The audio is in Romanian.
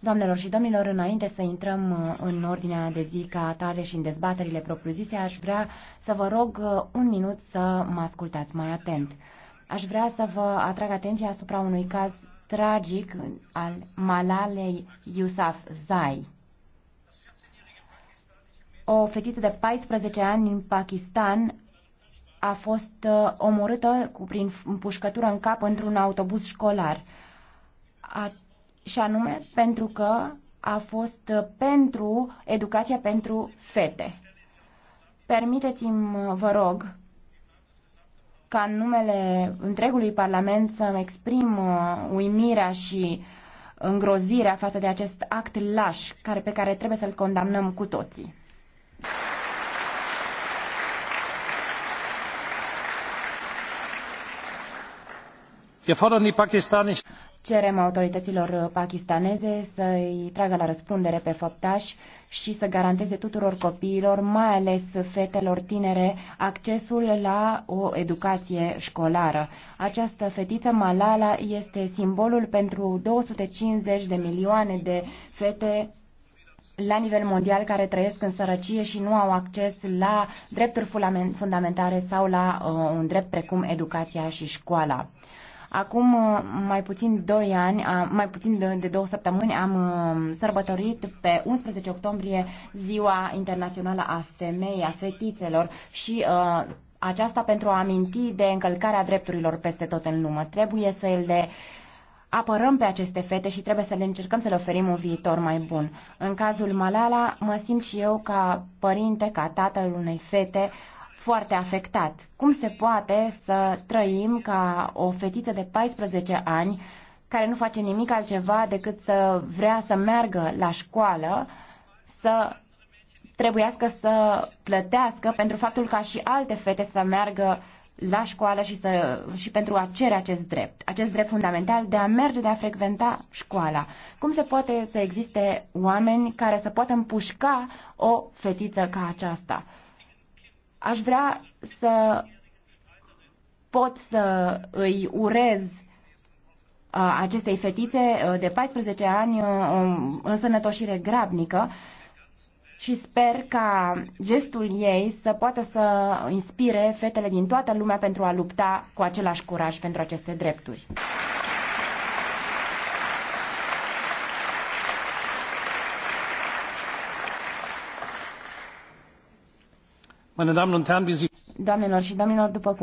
Doamnelor și domnilor, înainte să intrăm uh, în ordinea de zi ca atare și în dezbaterile propriu-zise, aș vrea să vă rog uh, un minut să mă ascultați mai atent. Aș vrea să vă atrag atenția asupra unui caz tragic al Malalei Yusaf Zai. O fetiță de 14 ani din Pakistan a fost uh, omorâtă cu, prin împușcătură în cap într-un autobuz școlar și anume pentru că a fost pentru educația pentru fete. Permiteți-mi, vă rog, ca în numele întregului Parlament să-mi exprim uh, uimirea și îngrozirea față de acest act laș care, pe care trebuie să-l condamnăm cu toții. Wir fordern die pakistanische Cerem autorităților pakistaneze să-i tragă la răspundere pe făptași și să garanteze tuturor copiilor, mai ales fetelor tinere, accesul la o educație școlară. Această fetiță Malala este simbolul pentru 250 de milioane de fete la nivel mondial care trăiesc în sărăcie și nu au acces la drepturi fundamentare sau la uh, un drept precum educația și școala. Acum uh, mai puțin, doi ani, mai puțin de, două săptămâni am uh, sărbătorit pe 11 octombrie Ziua Internațională a Femeii, a Fetițelor și uh, aceasta pentru a aminti de încălcarea drepturilor peste tot în lume. Trebuie să le apărăm pe aceste fete și trebuie să le încercăm să le oferim un viitor mai bun. În cazul Malala, mă simt și eu ca părinte, ca tatăl unei fete, foarte afectat. Cum se poate să trăim ca o fetiță de 14 ani care nu face nimic altceva decât să vrea să meargă la școală, să trebuiască să plătească pentru faptul ca și alte fete să meargă la școală și, să, și pentru a cere acest drept, acest drept fundamental de a merge, de a frecventa școala. Cum se poate să existe oameni care să poată împușca o fetiță ca aceasta? Aș vrea să pot să îi urez uh, acestei fetițe uh, de 14 ani o uh, um, însănătoșire grabnică și sper ca gestul ei să poată să inspire fetele din toată lumea pentru a lupta cu același curaj pentru aceste drepturi. Doamnelor și domnilor, după cum